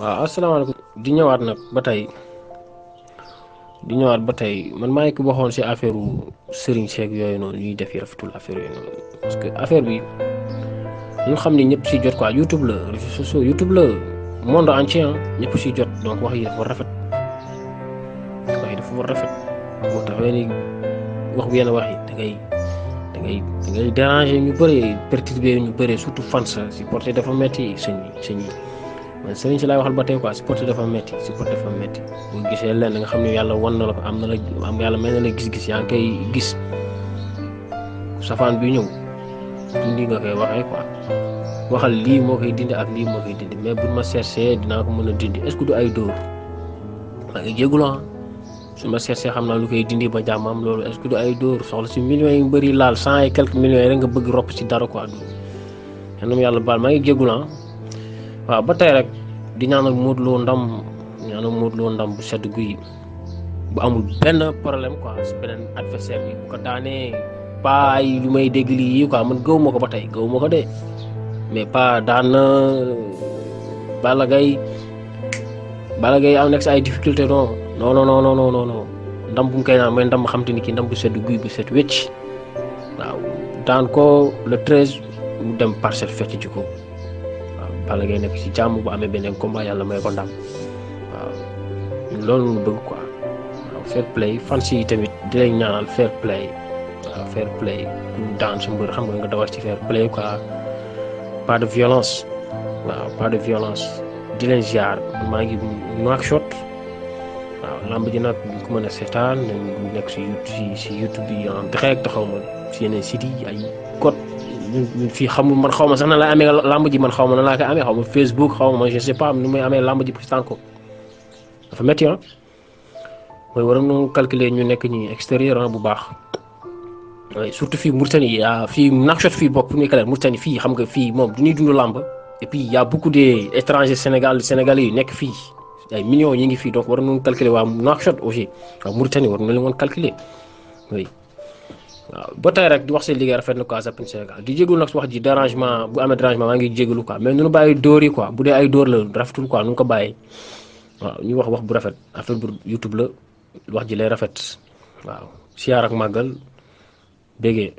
waaw asalaamaaleykum di ñëwaat nag ba tey di ñëwaat ba tey man maa ngi ko waxoon si affaire Serigne Cheikh yooyu noonu ñuy def rafetul affaire yooyu noonu parce que affaire bi ñu xam ne ñëpp si jot quoi YouTube la réseaux sociaux YouTube la ñëpp si jot donc wax yi dafa rafet wax yi dafa rafet moo tax ni wax bu yenn wax yi da ngay da ngay déranger ñu bëree perturber ñu bëree surtout fans si porté dafa metti sëñ sëñ yi man sëriñ si laay waxal ba tey quoi sport dafa métti sport dafa métti bu gisee lenn nga xam ne yàlla wan na la ko am na la am yàlla may na la gis-gis yaa ngi koy gis safaan bi ñëw dindi nga koy waxee quoi waxal lii moo koy dindi ak lii moo koy dindi mais bu ma cherché dinaa ko mën a dindi est du ay dóor maa ngi jégalu ah. su ma cherché xam naa lu koy dindi ba jàmmam loolu est-ce que du ay dóor soxla si millions yu bëri laal cent et quelques yi rek nga bëgg ropp si dara quoi di ñaanal Modou Lo ndam ñaanal Modou ndam bu sedd guy bu amul benn problème quoi si beneen adversaire bi bu ko daanee pas ay lu may dégg lii yi quoi man gëw ma ko ba tey gëw ma ko de mais pas daan na Balla Gaye Balla Gaye am ay difficulté non non non non ndam bu mu koy naan ndam xam te ni kii ndam bu sedd guy bu set wécc waaw daan ko le treize dem parcelle fekk ci ko. Balla Gaye nekk ci jàmm bu amee beneen combat yàlla may ko ndam waaw loolu ñu bëgg quoi waaw fair play fans tamit di leen ñaanal fair play waaw fair play daan su mbër xam nga nga dawal ci fair play quoi pas de violence waaw pas de violence di leen ziar maa ngi Nouakchott waaw lamb ji nag ñu mën a seetaan nañ nekk si YouTube en direct xaw ma si yeneen site ay code fii xamul man xaw ma sax na laa amee làmb ji man xaw ma na laa ko amee xaw ma Facebook xaw ma je sais pas nu may amee làmb ji tànk ko dafa métti ah mooy waroon nañu calculer ñu nekk ñi extérieur ah bu baax. surtout fii Mauritanie ah fii Nouakchott fii bokk ni clair Mauritanie fii xam nga fii moom du ñuy dund làmb et puis y' a beaucoup d' étrangers Sénégal Sénégalais yu nekk fii ay millions yi ngi fii donc war nañu calculer waa Nouakchott aussi waa Mauritanie war nañu leen woon calculer waaw ba tey rek di wax seen liggéey rafet na quoi Zapping Sénégal di jégalu nag wax ji dérangement bu amee dérangement maa ngi jégalu quoi mais nu ñu bàyyi dóor yi quoi bu dee ay dóor la rafetul ko nu ñu ko bàyyi waaw ñu wax wax bu rafet affaire bu YouTube la wax ji lay rafet waaw siyaar ak màggal bégee